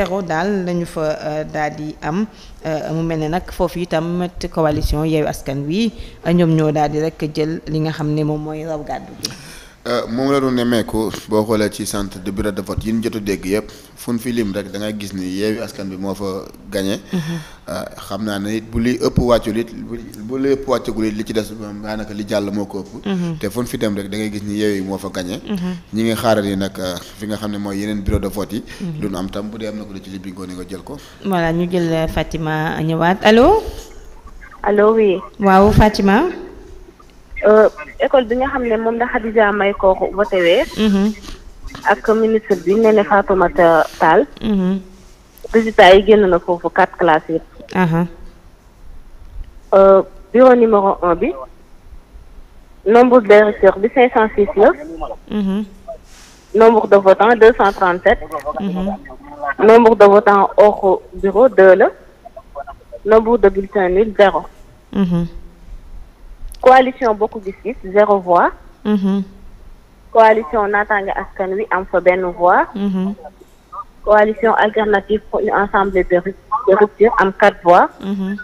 zéro daal lañu fa euh, daal di am euh, mu mel ne nag foofu itam coalition Yewwi Askan Wi ñoom ñoo daal di rek jël li nga xam ni moom mooy raw gàddu bi euh, moom la doon nemmeeku boo xoolee ci centre de bureau de vote yi ñu jot dégg yëpp fu ñu fi lim da ngay gis ni Yewwi Askan Wi moo fa gañe Euh, xam naa ne it bu li ëpp wàccul it bu li ëpp wàccagul it li ci des daanaka li jàll moo ko ëpp mhm. te fun fi dem rek da ngay gis ni yeew yi moo fa gañee mhm. ñi ngi xaaral yi nag euh, fi nga xam ne mooy yeneen bureau de vote yi lu mhm. nu am tam bu ko da ci li bingoo ne nga jël ko voilà ñu euh, bi nga xam la Khadija may ko voté wee ak ministre bi ne ne Fatoumata Tall yi génn na foofu quatre classes yëpp Euh, bureau numéro un bi nombre de directeur bi cinq cent six la mhm. nombre de votants deux cent trente sept mhm. nombre de votants hors bureau deux la nombre de bulletins nuls zéro mhm. coalition bokk gis-gis zéro voix coalition naataange askan wi am fa benn voix coalition alternative pour une assemblée de rupture am quatre voix. Mhm.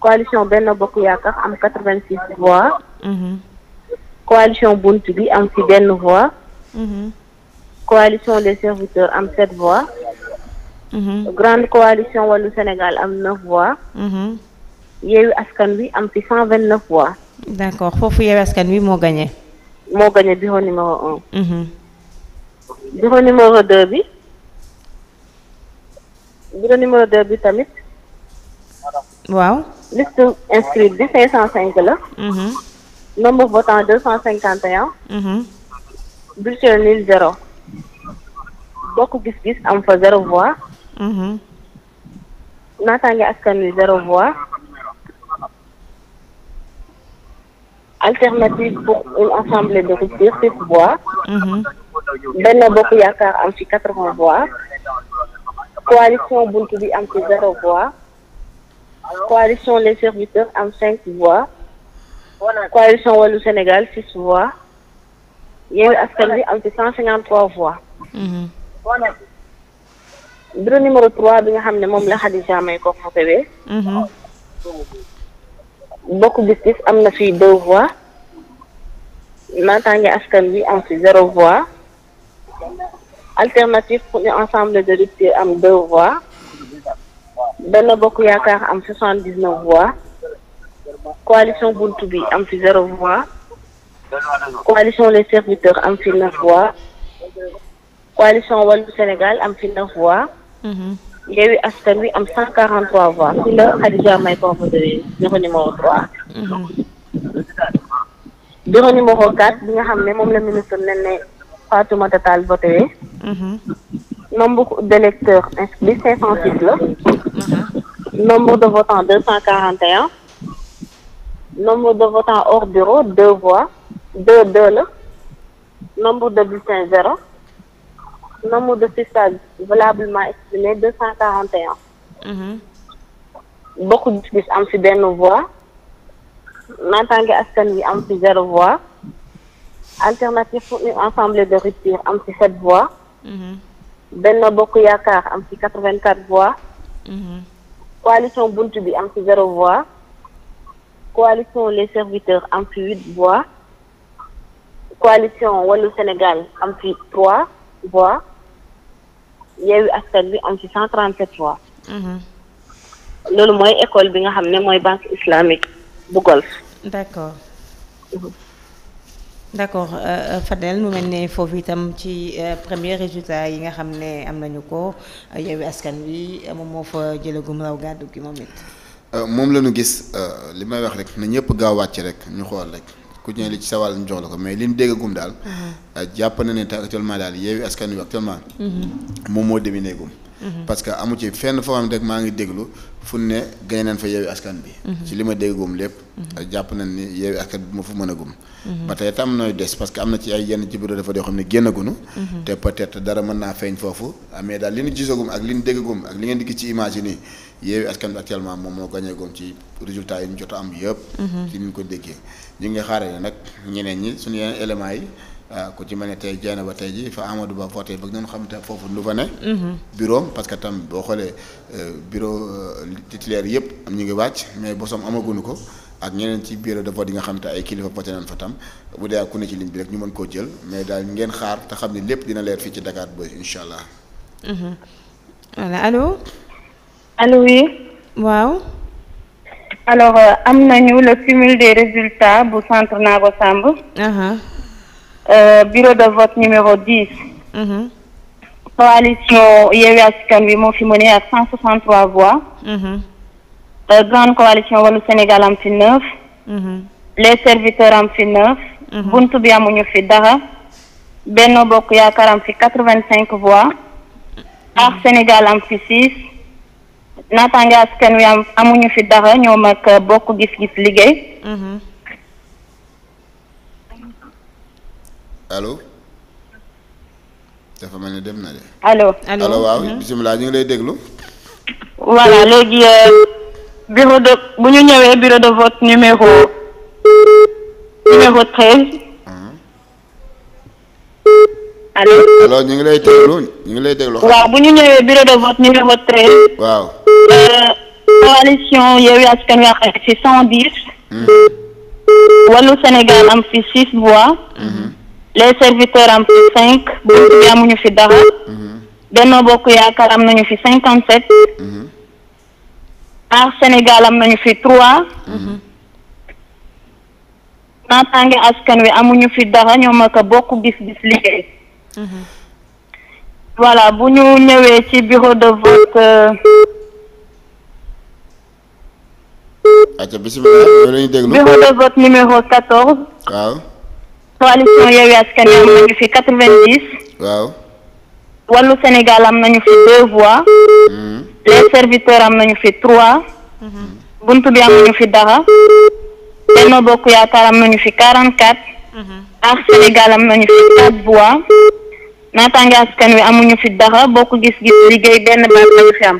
coalition Benno Bokk Yaakaar am quatre vingt six voix. Mhm. coalition Bunt bi am ci benn voix. Mhm. coalition des serviteurs am sept voix. grande coalition wàllu Sénégal am neuf voix. yeewu askan wi am ci cent vingt neuf voix. d'accord foofu yeewu askan wi moo gagné. moo gagné bureau numéro un. bureau numéro deux bi. bureau numéro 2 bi tamit. waaw. liste inscrite bi 505 la. Mhm. nombre votant 251. Mhm. bulletin nul zéro. bokk gis-gis am fa zéro voix. Mhm. naataange askan wi zéro voix. alternative pour une assemblée de rupture six voix. benn bokk yaakaar am ci quatre-vingts voix. coalition Buntu bi am ci zéro voix coalition les serviteurs am cinq voix coalition Wallu Sénégal six voix Yewwi Askan Wi am ci cent cinquante trois voix bureau numéro trois bi nga xam ne moom la Khadija may ko fotowee bokk gis-gis am na fi deux voix naataange askan wi am fi zéro voix alternative pour ñu ensemble de députés am deux voix Benno Bokk Yaakaar am soixante dix neuf voix coalition buntu bi am fi zéro voix coalition les am fi neuf voix coalition wàllu Sénégal am fi neuf voix mhm. Yewwi Askan Wi am cent quarante trois voix fi la Khadija May convoqué bureau numéro trois mhm. bureau numéro quatre bi nga xam ne moom la ministre ne ne Fatoumata Tall Bottoé. Mhm. nombre d'électeurs inscrits 506 la. nombre de votants 241. nombre de votants hors bureau 2 voix 2 2 la. nombre de bulletins 0. nombre de suffrages valablement exprimés 241. bokk gis-gis am fi benn voix. naataange askan wi am fi 0 voix. alternative pour une assemblée de rupture am ci sept voix. Mm-hmm. benn Bokk Yaakaar am ci quatre vingt quatre voix. Mm-hmm. coalition Buntu bi am ci zéro voix. coalition Les serviteur am ci huit voix. coalition Wallu Sénégal am ci trois voix. Yewwi Askan bi am ci cent trente sept voix. Mm-hmm. loolu mooy école bi nga xam ne mooy bank islamique bu golf. d'accord. d'accord euh, euh, Fadel mu mel ne foofu itam ci euh, premier résultat yi nga xam ne am nañu ko Yewwi Askan Wi moom moo fa jëlagum raw gàddu gi moom it. moom la ñu gis li may wax rek na ñëpp gaaw wàcc rek ñu xool rekk ku ci li ci sa wàll jox la ko mais li ñu déggagum daal. jàpp na ne te actuellement daal Yewwi Askan Wi actuellement. Mhm. moom moo demineegum. parce que amu ci fenn foo maa ngi déglu fu ne gañ fa yeewi askan bi. ci mhm. li ma déggum lépp. Mhm. jàpp nañ ni yeewi askan bi ma fu mën a gum. Mhm. ba tey tam nooy des parce que am na ci ay yenn ci bureau dafa yoo xam ne génnagunu. te peut-être dara mën naa feeñ foofu ah, mais daal li ñu gisagum ak li ñu déggagum ak li ngeen di ci image yi nii yeewi askan bi actuellement moom moo gañee gum ci résultat yi ñu jot a am yëpp. ci ni ko déggee ñu ngi xaaree nag ñeneen ñi waaw euh, ku ci mel ne tey Dieng ba tey ji fa Amadou Ba voté bëgg nañu xam te foofu lu fa ne. Mhm. bureau parce que tam boo xoolee euh, bureau euh, titulaire yëpp am ñu ngi wàcc mais bosom amaguñu ko ak ñeneen ci bureau de vote yi nga xam te ay kilifa voté nañ fa tam bu dee ku ne ci ligne bi rek ñu mën koo jël mais daal ngeen xaar te xam ne lépp dina leer fii ci Dakar Buzz incha allah. Mhm. voilà allo. aloo oui. waaw. alors am nañu le cumul des résultats bu centre Nago Samb. Euh, bureau de vote numéro 10. Mm-hmm. coalition Yewwi Askan Wi moo fi mené ak 163 voix. Mm-hmm. Euh, grande coalition Wallu Sénégal am fi 9. Mm-hmm. les serviteurs am fi 9. buntu bi amuñu fi dara. Benno Bokk Yaakaar am fi 85 voix. Aar Sénégal am fi 6. naataange askan wi am amuñu fi dara ñoo ak euh, bokk gis-gis liggéey. allo dafa mel ni dem na de. allo allo waaw mhm. bisimilah ñu ngi lay déglu. voilà léegi euh, bureau de bu ñu ñëwee bureau de vote numéro numéro treize. allo mhm. allo ñu ngi lay déglu ñu ngi lay déglu. waaw bu ñu ñëwee bureau de vote numéro treize. waaw. Euh, coalition Yewwi Askan Wi ci cent mhm. fi six voix. les serviteurs am fi cinq buur bi amuñu fi dara Benno Bokk Yaakaar am nañu fi cinquante sept Aar Sénégal am nañu fi trois naataange askan wi amuñu fi dara ñoom ak a bokk gis-gis liggéey voilà bu ñu ñëwee ci bureau de vote acca bureau de vote numéro quatorze coalition Yewwi Askan Wi am nañu fi quatre vingt dix waaw wàllu Sénégal am nañu fi deux voix hmm. les serviteurs am nañu fi trois hmm. bunt bi am nañu fi dara Benno Bokk Yaakaar am nañu fi quarante quatre hmm. Aar Sénégal am nañu fi quatre voix naataange askan wi amuñu fi dara bokk gis-gis liggéey benn baat lañu fi am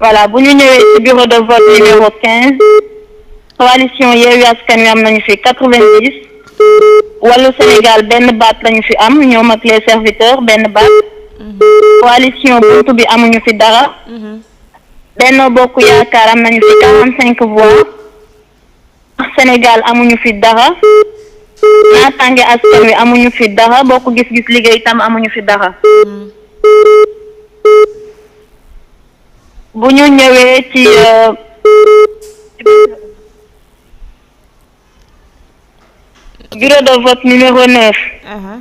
voilà bu ñu ñëwee ci bureau de vote numéro quinze coalition Yewwi Askan Wi am nañu fi quatre-vingt-dix wàllu Sénégal benn baat lañu fi am ñoom ak les serviteurs benn baat coalition mhm. buntu bi amuñu fi dara mhm. Benno Bokk Yaakaar am nañu fi quarante-cinq voix Sénégal amuñu fi dara naataange askan wi amuñu fi dara bokk gis-gis liggéey tam amuñu fi dara mhm. bu ñu ñëwee ci euh, bureau de vote numéro 9. Uh-huh.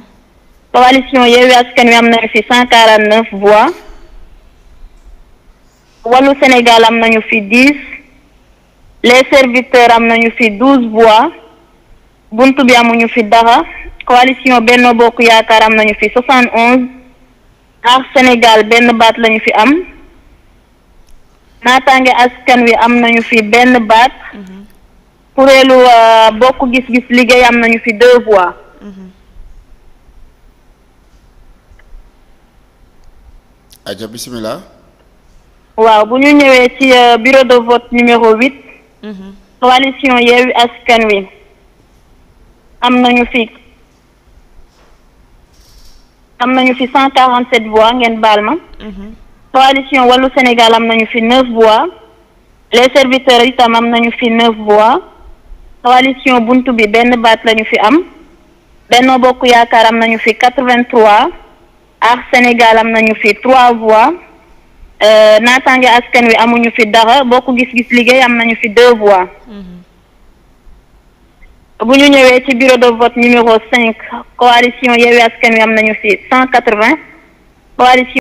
coalition Yewwi Askan Wi am nañu fi cent quarante neuf voix. Wallu Sénégal am nañu fi dix. les serviteurs am nañu fi douze voix. buntu bi amuñu fi dara. coalition Benno Bokk Yaakaar am nañu fi soixante onze. Aar Sénégal benn baat lañu fi am. naataange askan wi am nañu fi benn baat. Uh-huh. kuréelu ah, bokk gis-gis liggéey am nañu fi deux voix. Mhm. aja bisimilah. waaw bu ñu ñëwee ci ah, bureau de vote numéro huit. Mhm. coalition Yewwi Askan Wi am nañu fi am nañu fi cent quarante sept voix ngeen baal ma. Mhm. coalition wàllu Sénégal am nañu fi neuf voix les serviteurs itam am nañu fi neuf voix. coalition bunt bi benn baat lañu fi am Benno Bokk Yaakaar am nañu fi quatre-vingt-trois Aar Sénégal am nañu fi trois voix euh, naataange askan wi amuñu fi dara bokk gis-gis liggéey am nañu fi deux voix mm-hmm. bu ñu ñëwee ci bureau de vote numéro cinq coalition Yewwi Askan Wi am nañu fi cent quatre-vingts coalition